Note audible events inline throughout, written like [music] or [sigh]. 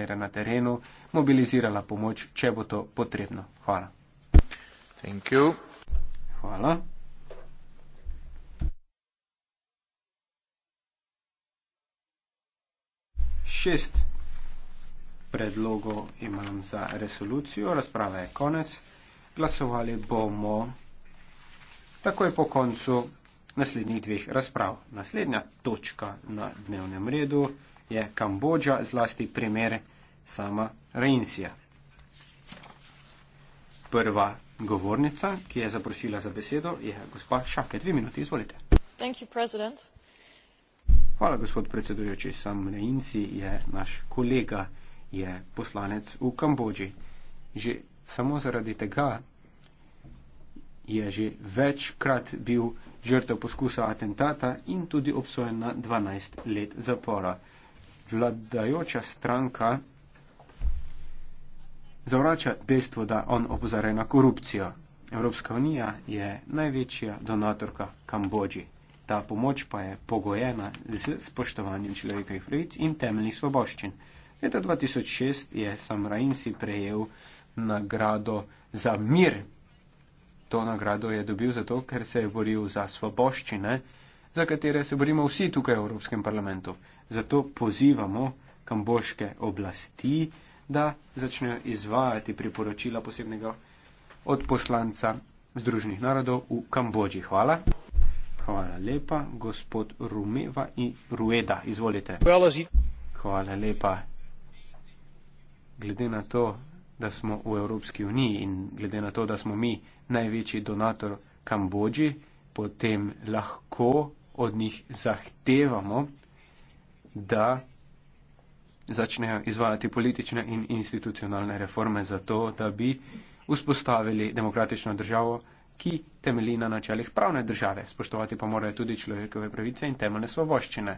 razmere na terenu, mobilizirala pomoč, če bo to potrebno. Hvala. Thank you. Hvala. Šest predlogov imam za resolucijo, razprava je konec. Glasovali bomo takoj po koncu naslednjih dveh razprav. Naslednja točka na dnevnem redu je Kambodža, zlasti primere sama Reinsija. Prva govornica, ki je zaprosila za besedo, je gospa Šake. Dve minuti, izvolite. You, Hvala, gospod predsedujoči. Sam Reinsi je naš kolega, je poslanec v Kambodži. Že samo zaradi tega je že večkrat bil žrtev poskusa atentata in tudi obsojen na 12 let zapora. Vladajoča stranka zavrača dejstvo, da on opozarja na korupcijo. Evropska unija je največja donatorka Kambodži. Ta pomoč pa je pogojena z spoštovanjem človekovih pravic in temeljnih svoboščin. Leta 2006 je Sam Rainsi prejel nagrado za mir. To nagrado je dobil zato, ker se je boril za svoboščine, za katere se borimo vsi tukaj v Evropskem parlamentu. Zato pozivamo kambožske oblasti, da začnejo izvajati priporočila posebnega odposlanca Združenih narodov v Kambodži. Hvala. Hvala lepa, gospod Rumeva in Rueda. Izvolite. Hvala lepa. Glede na to, da smo v Evropski uniji in glede na to, da smo mi največji donator Kambodži, potem lahko od njih zahtevamo, da začnejo izvajati politične in institucionalne reforme za to, da bi vzpostavili demokratično državo, ki temelji na načelih pravne države. Spoštovati pa morajo tudi človekove pravice in temeljne svoboščine.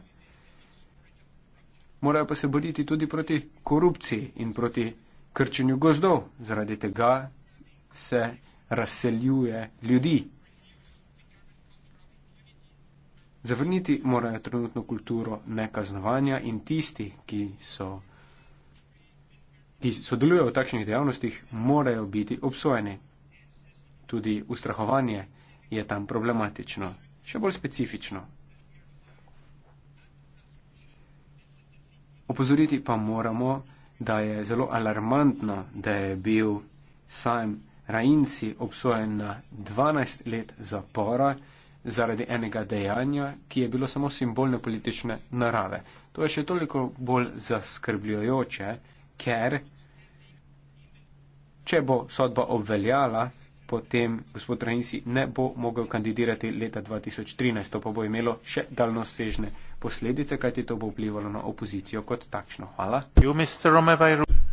Morajo pa se boriti tudi proti korupciji in proti krčenju gozdov. Zaradi tega se razseljuje ljudi. Zavrniti morajo trenutno kulturo nekaznovanja in tisti, ki, so, ki sodelujo v takšnih dejavnostih, morajo biti obsojeni. Tudi ustrahovanje je tam problematično, še bolj specifično. Opozoriti pa moramo, da je zelo alarmantno, da je bil sam Rajinci obsojen na 12 let zapora zaradi enega dejanja, ki je bilo samo simbolne politične narave. To je še toliko bolj zaskrbljujoče, ker če bo sodba obveljala, potem gospod Rajnsi ne bo mogel kandidirati leta 2013, to pa bo imelo še daljnosežne posledice, kajti to bo vplivalo na opozicijo kot takšno. Hvala. You,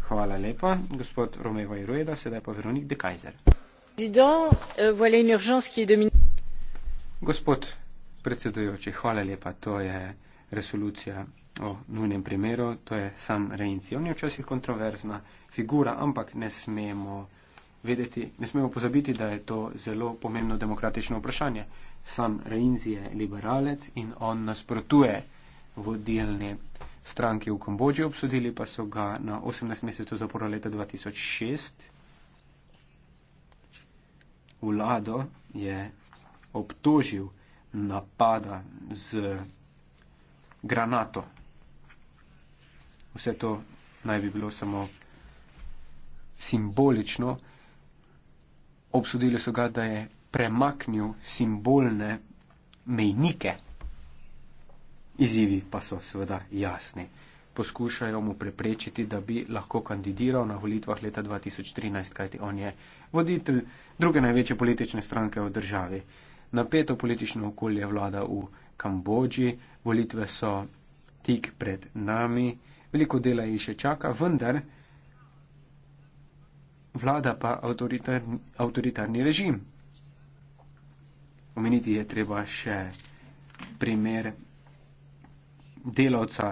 Hvala lepa, gospod Romeva Irueda, sedaj pa Veronik Dekajzer. Président, euh, voilà une urgence qui est dominante. Gospod predsedujoči, hvala lepa. To je resolucija o nujnem primeru, to je sam Reinci. On je včasih kontroverzna figura, ampak ne smemo, vedeti, ne smemo pozabiti, da je to zelo pomembno demokratično vprašanje. Sam Reinci je liberalec in on nasprotuje vodilni stranki v Kambodži, obsodili pa so ga na 18 mesecev zapora leta 2006. Vlado je obtožil napada z granato. Vse to naj bi bilo samo simbolično. Obsodili so ga, da je premaknil simbolne mejnike. Izivi pa so seveda jasni. Poskušajo mu preprečiti, da bi lahko kandidiral na volitvah leta 2013, kajti on je voditelj druge največje politične stranke v državi napeto politično okolje vlada v Kambodži, volitve so tik pred nami, veliko dela jih še čaka, vendar vlada pa avtoritarni, avtoritarni režim. Omeniti je treba še primer delavca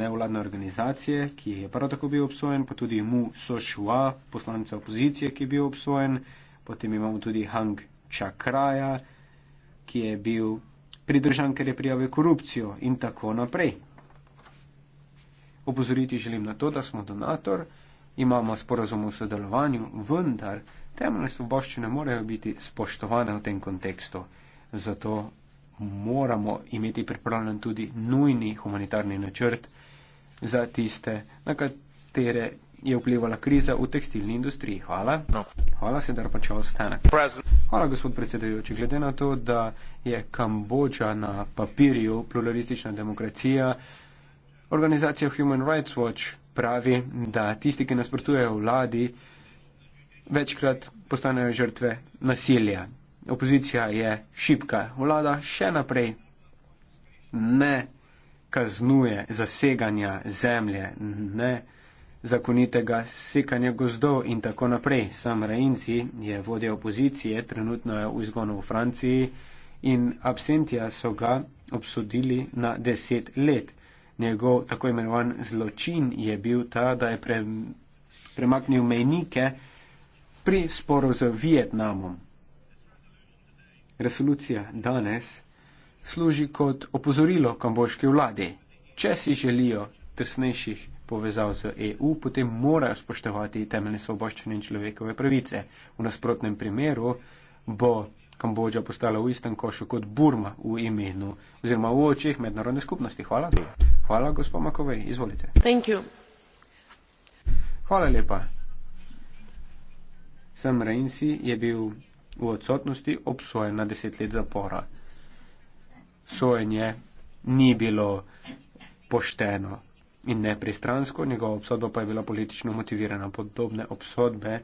nevladne organizacije, ki je prav tako bil obsojen, pa tudi mu Sošua, poslanca opozicije, ki je bil obsojen, potem imamo tudi Hang Čakraja, ki je bil pridržan, ker je prijavil korupcijo in tako naprej. Opozoriti želim na to, da smo donator, imamo sporazum o sodelovanju, vendar temeljne svoboščine morajo biti spoštovane v tem kontekstu. Zato moramo imeti pripravljen tudi nujni humanitarni načrt za tiste, na katere je vplivala kriza v tekstilni industriji. Hvala. No. Hvala, Sedar Pačov, ostanek. President. Hvala, gospod predsedujoči. Glede na to, da je Kambodža na papirju pluralistična demokracija, organizacija Human Rights Watch pravi, da tisti, ki nasprotujejo vladi, večkrat postanejo žrtve nasilja. Opozicija je šipka. Vlada še naprej ne kaznuje zaseganja zemlje, ne kaznuje zakonitega sekanja gozdov in tako naprej. Sam Rajinci je vodja opozicije, trenutno je v izgonu v Franciji in absentija so ga obsodili na deset let. Njegov tako imenovan zločin je bil ta, da je premaknil mejnike pri sporu z Vietnamom. Resolucija danes služi kot opozorilo kamboški vladi. Če si želijo tesnejših povezav z EU, potem morajo spoštovati temeljne svoboščine in človekove pravice. V nasprotnem primeru bo Kambodža postala v istem košu kot Burma v imenu oziroma v očeh mednarodne skupnosti. Hvala. Hvala, gospod Makovej. Izvolite. Thank you. Hvala lepa. Sam Rainsi je bil v odsotnosti obsojen na deset let zapora. Sojenje ni bilo pošteno in nepristransko, njegova obsodba pa je bila politično motivirana. Podobne obsodbe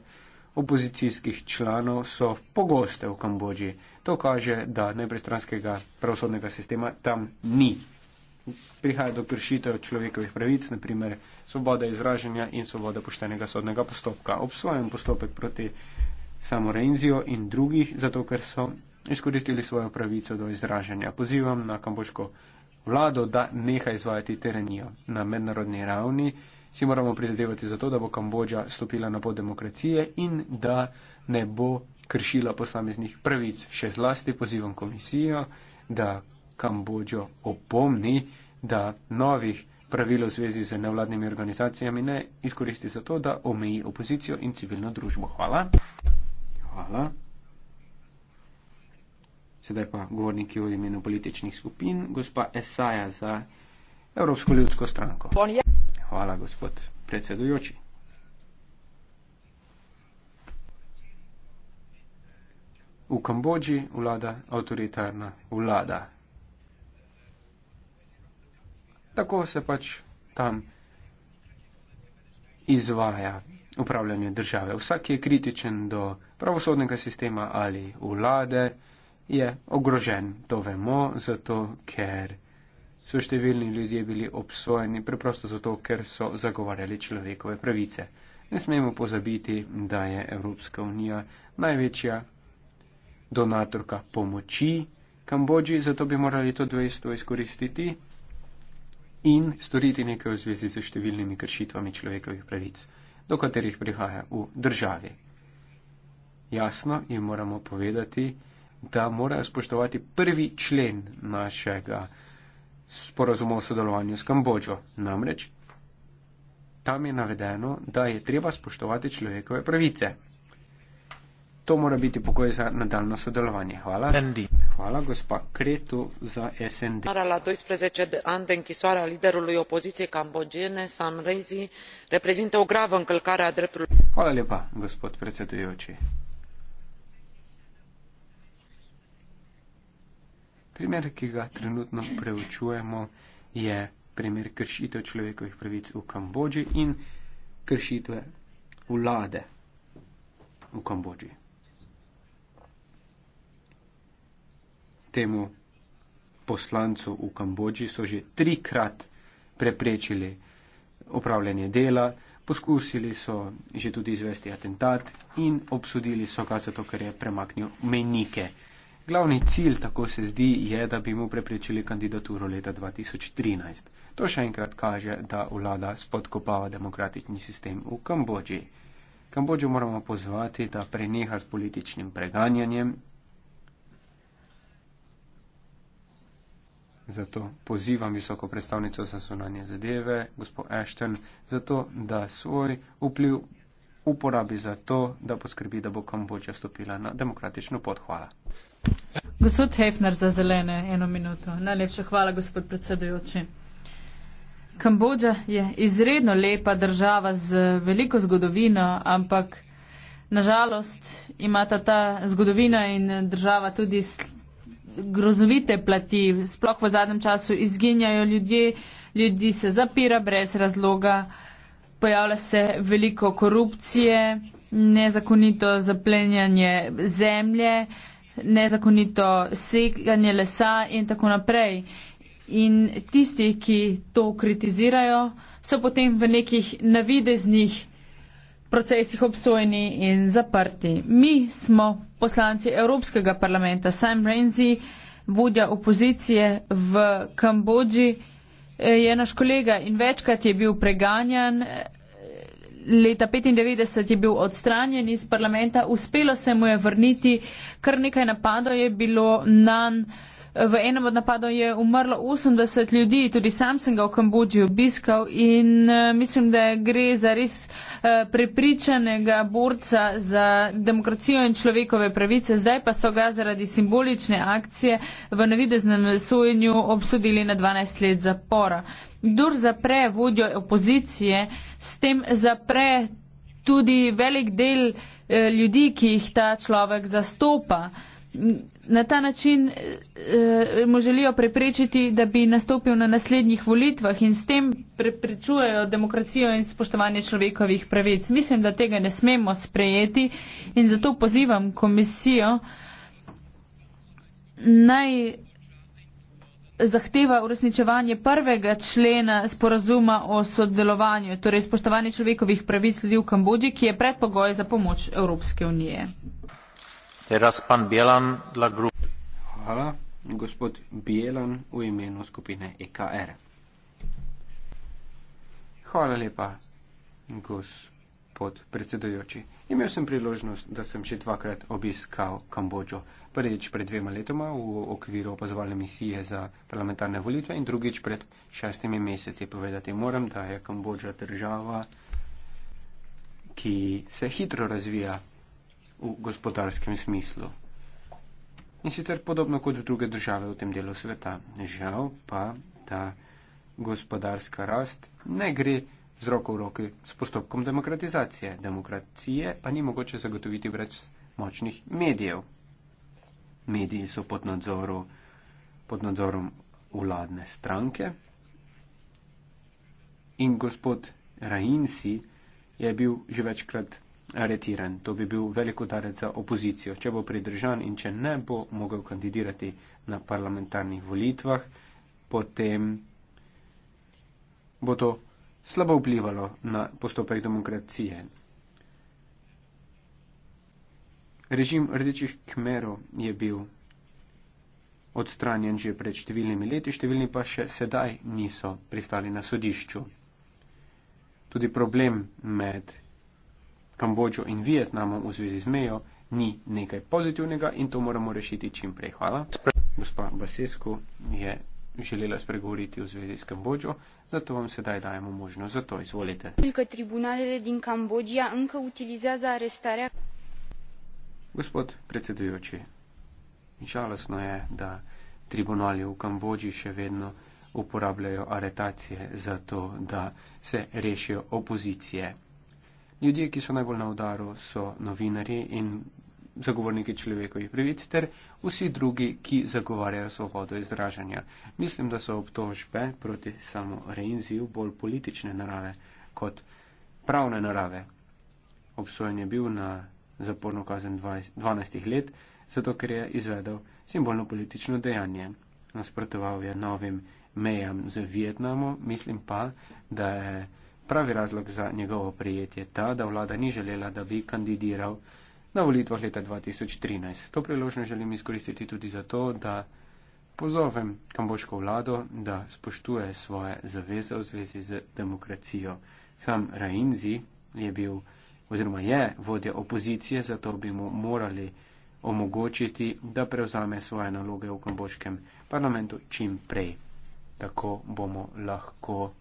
opozicijskih članov so pogoste v Kambodži. To kaže, da nepristranskega pravosodnega sistema tam ni. Prihaja do kršitev človekovih pravic, naprimer svoboda izražanja in svoboda poštenega sodnega postopka. Obsojen postopek proti samo Reinzijo in drugih, zato ker so izkoristili svojo pravico do izražanja. Pozivam na kambočko vlado, da neha izvajati tiranijo na mednarodni ravni. Si moramo prizadevati za to, da bo Kambodža stopila na pot demokracije in da ne bo kršila posameznih pravic. Še zlasti pozivam komisijo, da Kambodžo opomni, da novih pravil v zvezi z nevladnimi organizacijami ne izkoristi za to, da omeji opozicijo in civilno družbo. Hvala. Hvala sedaj pa govorniki v imenu političnih skupin, gospa Esaja za Evropsko ljudsko stranko. Hvala, gospod predsedujoči. V Kambodži vlada avtoritarna vlada. Tako se pač tam izvaja upravljanje države. Vsak je kritičen do pravosodnega sistema ali vlade je ogrožen. To vemo zato, ker so številni ljudje bili obsojeni preprosto zato, ker so zagovarjali človekove pravice. Ne smemo pozabiti, da je Evropska unija največja donatorka pomoči Kambodži, zato bi morali to dvojstvo izkoristiti in storiti nekaj v zvezi z številnimi kršitvami človekovih pravic, do katerih prihaja v državi. Jasno jim moramo povedati, da morajo spoštovati prvi člen našega sporazuma o sodelovanju s Kambodžo. Namreč, tam je navedeno, da je treba spoštovati človekove pravice. To mora biti pokoj za nadaljno sodelovanje. Hvala. ND. Hvala, gospa Kretu, za SND. Parala 12 ani de închisoare a liderului opoziției cambodžene, Sam Rezi, reprezintă o gravă încălcare a dreptului. Hvala lepa, gospod predsedujoči. Primer, ki ga trenutno preučujemo, je primer kršitev človekovih pravic v Kambodži in kršitve vlade v Kambodži. Temu poslancu v Kambodži so že trikrat preprečili opravljanje dela, poskusili so že tudi izvesti atentat in obsodili so ga zato, ker je premaknil menike. Glavni cilj, tako se zdi, je, da bi mu preprečili kandidaturo leta 2013. To še enkrat kaže, da vlada spodkopava demokratični sistem v Kambodži. Kambodžo moramo pozvati, da preneha s političnim preganjanjem. Zato pozivam visoko predstavnico za zunanje zadeve, gospod Ashton, zato, da svoj vpliv uporabi za to, da poskrbi, da bo Kambodža stopila na demokratično pot. Hvala. Gospod Hefner za zelene, eno minuto. Najlepša hvala, gospod predsedujoči. Kambodža je izredno lepa država z veliko zgodovino, ampak nažalost imata ta zgodovina in država tudi grozovite plati. Sploh v zadnjem času izginjajo ljudje, ljudi se zapira brez razloga pojavlja se veliko korupcije, nezakonito zaplenjanje zemlje, nezakonito seganje lesa in tako naprej. In tisti, ki to kritizirajo, so potem v nekih navideznih procesih obsojeni in zaprti. Mi smo poslanci Evropskega parlamenta, Sam Renzi, vodja opozicije v Kambodži je naš kolega in večkrat je bil preganjan. Leta 1995 je bil odstranjen iz parlamenta, uspelo se mu je vrniti, kar nekaj napadov je bilo nanj. V enem od napadov je umrlo 80 ljudi, tudi sam sem ga v Kambodži obiskal in eh, mislim, da gre za res eh, prepričanega borca za demokracijo in človekove pravice. Zdaj pa so ga zaradi simbolične akcije v navideznem sojenju obsodili na 12 let zapora. Dur zapre vodjo opozicije, s tem zapre tudi velik del eh, ljudi, ki jih ta človek zastopa na ta način eh, mu želijo preprečiti, da bi nastopil na naslednjih volitvah in s tem preprečujejo demokracijo in spoštovanje človekovih pravic. Mislim, da tega ne smemo sprejeti in zato pozivam komisijo naj zahteva uresničevanje prvega člena sporazuma o sodelovanju, torej spoštovanje človekovih pravic ljudi v Kambodži, ki je predpogoj za pomoč Evropske unije. E Hvala lepa, gospod predsedujoči. Imel sem priložnost, da sem še dvakrat obiskal Kambodžo. Prvič pred dvema letoma v okviru opazovalne misije za parlamentarne volitve in drugič pred šestimi meseci. Povedati moram, da je Kambodža država, ki se hitro razvija v gospodarskem smislu. In sicer podobno kot druge države v tem delu sveta. Žal pa ta gospodarska rast ne gre z roko v roki s postopkom demokratizacije. Demokracije pa ni mogoče zagotoviti brez močnih medijev. Mediji so pod, nadzoru, pod nadzorom vladne stranke in gospod Rajinsi je bil že večkrat aretiran. To bi bil velik udarec za opozicijo. Če bo pridržan in če ne bo mogel kandidirati na parlamentarnih volitvah, potem bo to slabo vplivalo na postopek demokracije. Režim rdečih kmerov je bil odstranjen že pred številnimi leti, številni pa še sedaj niso pristali na sodišču. Tudi problem med Kambodžo in Vietnamom v zvezi z mejo ni nekaj pozitivnega in to moramo rešiti čim prej. Hvala. Gospa Basesku je želela spregovoriti v zvezi s Kambodžo, zato vam sedaj dajemo možnost za to. Izvolite. Gospod predsedujoči, žalostno je, da tribunali v Kambodži še vedno uporabljajo aretacije za to, da se rešijo opozicije. Ljudje, ki so najbolj na udaru, so novinari in zagovorniki človekovih pravic ter vsi drugi, ki zagovarjajo svobodo izražanja. Mislim, da so obtožbe proti samo Reinziju bolj politične narave kot pravne narave. Obsojen je bil na zaporno kazen 12 let, zato ker je izvedel simbolno politično dejanje. Nasprotoval je novim mejam z Vietnamo, mislim pa, da je pravi razlog za njegovo prijetje ta, da vlada ni želela, da bi kandidiral na volitvah leta 2013. To priložno želim izkoristiti tudi zato, da pozovem kambožko vlado, da spoštuje svoje zaveze v zvezi z demokracijo. Sam Rainzi je bil oziroma je vodja opozicije, zato bi mu morali omogočiti, da prevzame svoje naloge v kambožkem parlamentu čim prej. Tako bomo lahko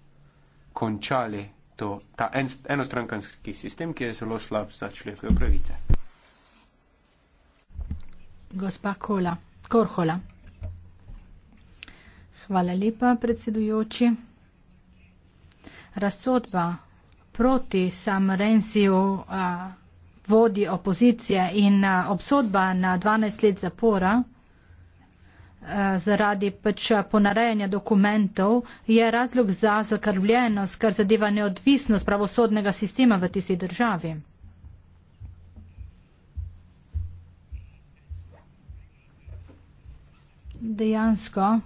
končali to, ta en, enostrankanski sistem, ki je zelo slab za človekove pravice. Gospa Kola, Korhola. Hvala lepa, predsedujoči. Razsodba proti sam Rensiju vodi opozicije in obsodba na 12 let zapora zaradi pač ponarejanja dokumentov je razlog za zakrvljenost, kar zadeva neodvisnost pravosodnega sistema v tisti državi. Dejansko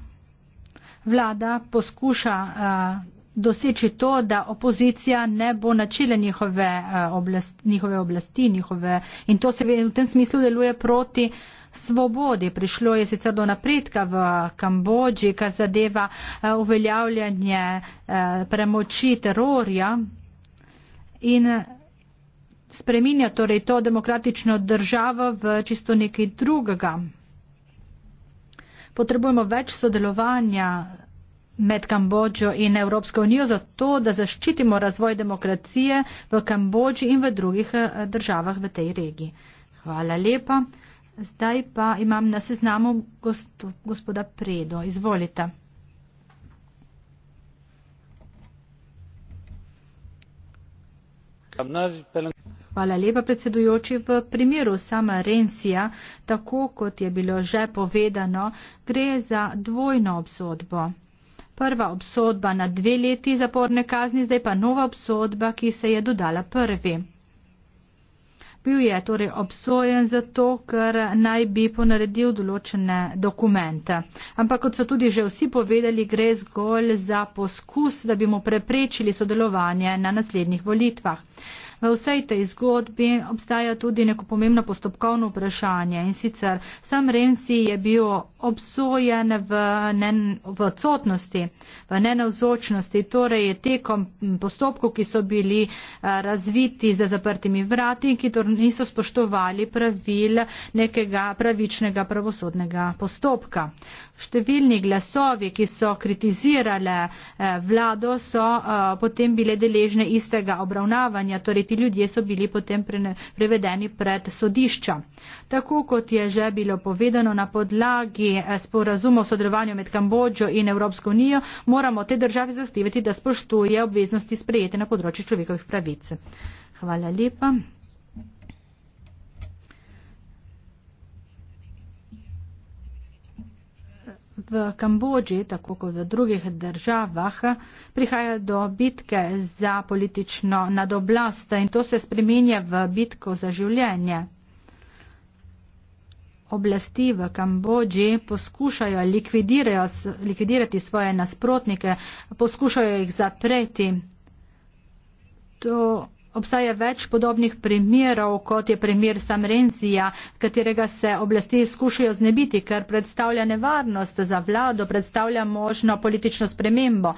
vlada poskuša uh, doseči to, da opozicija ne bo načila njihove, uh, oblast, njihove oblasti njihove, in to se v tem smislu deluje proti uh, svobodi. Prišlo je sicer do napredka v Kambodži, kar zadeva eh, uveljavljanje eh, premoči terorja in eh, spreminja torej to demokratično državo v čisto nekaj drugega. Potrebujemo več sodelovanja med Kambodžo in Evropsko unijo za to, da zaščitimo razvoj demokracije v Kambodži in v drugih državah v tej regiji. Hvala lepa. Zdaj pa imam na seznamu gostu, gospoda Predo. Izvolite. Hvala lepa, predsedujoči. V primeru sama Rensija, tako kot je bilo že povedano, gre za dvojno obsodbo. Prva obsodba na dve leti zaporne kazni, zdaj pa nova obsodba, ki se je dodala prvi. Bil je torej obsojen zato, ker naj bi ponaredil določene dokumente. Ampak, kot so tudi že vsi povedali, gre zgolj za poskus, da bi mu preprečili sodelovanje na naslednjih volitvah. V vsej tej zgodbi obstaja tudi neko pomembno postopkovno vprašanje in sicer sam Remsi je bil obsojen v, ne, v odsotnosti, v nenavzočnosti, torej je tekom postopkov, ki so bili eh, razviti za zaprtimi vrati in ki torej niso spoštovali pravil nekega pravičnega pravosodnega postopka. Številni glasovi, ki so kritizirale eh, vlado, so eh, potem bile deležne istega obravnavanja, torej ti ljudje so bili potem prevedeni pred sodišča. Tako kot je že bilo povedano na podlagi eh, sporazuma o sodelovanju med Kambodžo in Evropsko unijo, moramo te države zastiveti, da spoštuje obveznosti sprejete na področju človekovih pravic. Hvala lepa. V Kambodži, tako kot v drugih državah, prihaja do bitke za politično nadoblast in to se spremenja v bitko za življenje. Oblasti v Kambodži poskušajo likvidirati svoje nasprotnike, poskušajo jih zapreti. To Obstaja več podobnih primerov, kot je primer Samrenzija, katerega se oblasti skušajo znebiti, ker predstavlja nevarnost za vlado, predstavlja možno politično spremembo.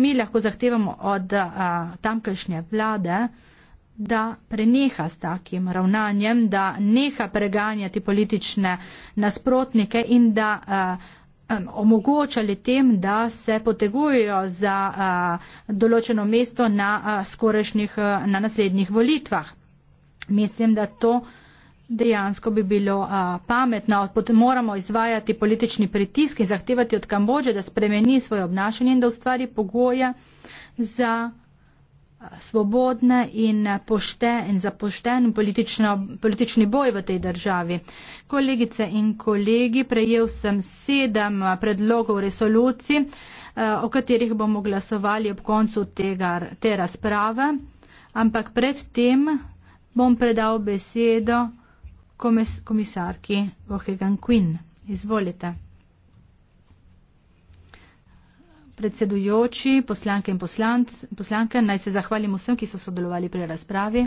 Mi lahko zahtevamo od a, tamkajšnje vlade, da preneha s takim ravnanjem, da neha preganjati politične nasprotnike in da a, omogočali tem, da se potegujejo za določeno mesto na skorešnjih, na naslednjih volitvah. Mislim, da to dejansko bi bilo pametno. Moramo izvajati politični pritisk in zahtevati od Kambođe, da spremeni svoje obnašanje in da ustvari pogoje za svobodne in, pošte, in za pošten politični boj v tej državi. Kolegice in kolegi, prejel sem sedem predlogov resolucij, eh, o katerih bomo glasovali ob koncu tega, te razprave, ampak predtem bom predal besedo komis komisarki Ohegan Quinn. Izvolite. predsedujoči, poslanke in poslant, poslanke, naj se zahvalim vsem, ki so sodelovali pri razpravi.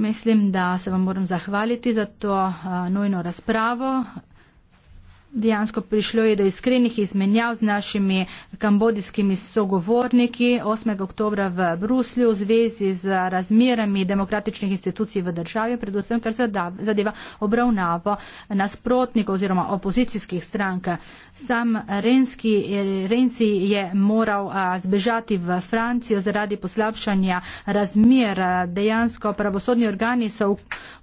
Mislim, da se vam moram zahvaliti za to nujno razpravo Dejansko prišlo je do iskrenih izmenjav z našimi kambodijskimi sogovorniki 8. oktobra v Bruslju v zvezi z razmerami demokratičnih institucij v državi, predvsem kar zadeva obravnavo nasprotnikov oziroma opozicijskih strank. Sam Renski, Renci je moral zbežati v Francijo zaradi poslabšanja razmer. Dejansko pravosodni organi so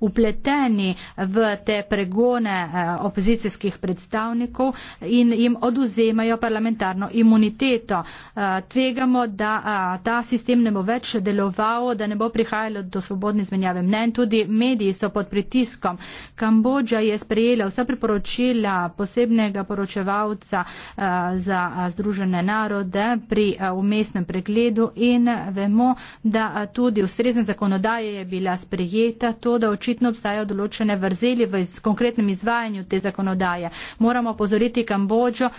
upleteni v te pregone opozicijskih predstavitev predstavnikov in jim oduzemajo parlamentarno imuniteto. Eh, tvegamo, da eh, ta sistem ne bo več deloval, da ne bo prihajalo do svobodne izmenjave mnen. Tudi mediji so pod pritiskom. Kambodža je sprejela vsa priporočila posebnega poročevalca eh, za Združene narode pri umestnem pregledu in vemo, da tudi ustrezen zakonodaje je bila sprejeta, to, da očitno obstajajo določene vrzeli v konkretnem izvajanju te zakonodaje moramo opozoriti Kambođo eh,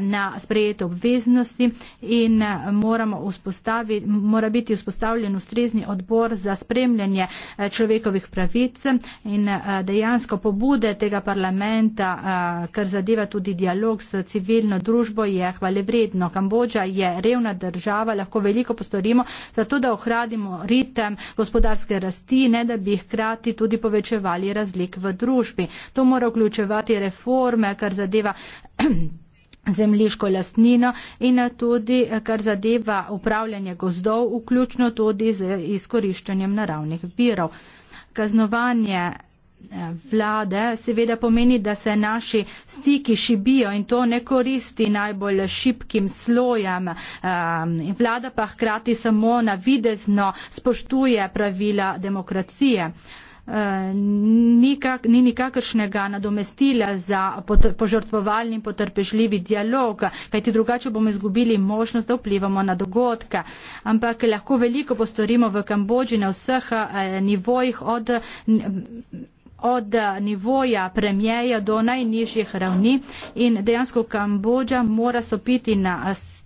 na sprejete obveznosti in eh, mora biti vzpostavljen ustrezni odbor za spremljanje eh, človekovih pravic in dejansko pobude tega parlamenta, kar zadeva tudi dialog s civilno družbo, je hvalevredno. Kambođa je revna država, lahko veliko postorimo, zato da ohradimo ritem gospodarske rasti, ne da bi hkrati tudi povečevali razlik v družbi. To mora vključevati reforme, kar zadeva [clears throat] zemliško lastnino in eh, tudi eh, kar zadeva upravljanje gozdov, vključno tudi z izkoriščanjem naravnih virov. Kaznovanje eh, vlade seveda pomeni, da se naši stiki šibijo in to ne koristi najbolj šipkim slojem. Vlada pa hkrati samo navidezno spoštuje pravila demokracije. Eh, nikak, ni nikakršnega nadomestila za potr, požrtvovalni in potrpežljivi dialog, kajti drugače bomo izgubili možnost, da vplivamo na dogodke. Ampak lahko veliko postorimo v Kambodži na vseh eh, nivojih od od nivoja premijeja do najnižjih ravni in dejansko Kambodža mora stopiti na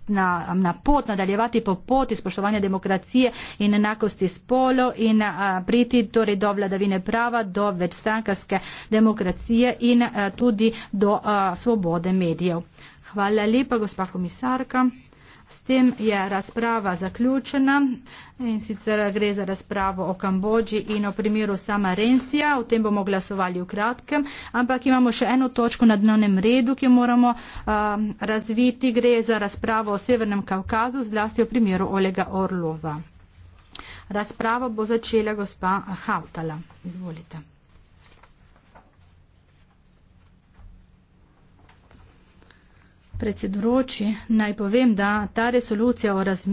na, na pot, nadaljevati po poti spoštovanja demokracije in enakosti spolo in a, priti torej do vladavine prava, do večstrankarske demokracije in a, tudi do a, svobode medijev. Hvala lepa, gospa komisarka. S tem je razprava zaključena in sicer gre za razpravo o Kambodži in o primeru sama Rensija. O tem bomo glasovali v kratkem, ampak imamo še eno točko na dnevnem redu, ki moramo uh, razviti. Gre za razpravo o Severnem Kaukazu, zlasti o primeru Olega Orlova. Razpravo bo začela gospa Hautala. Izvolite. Predsedujoči, naj povem, da ta resolucija o razmerah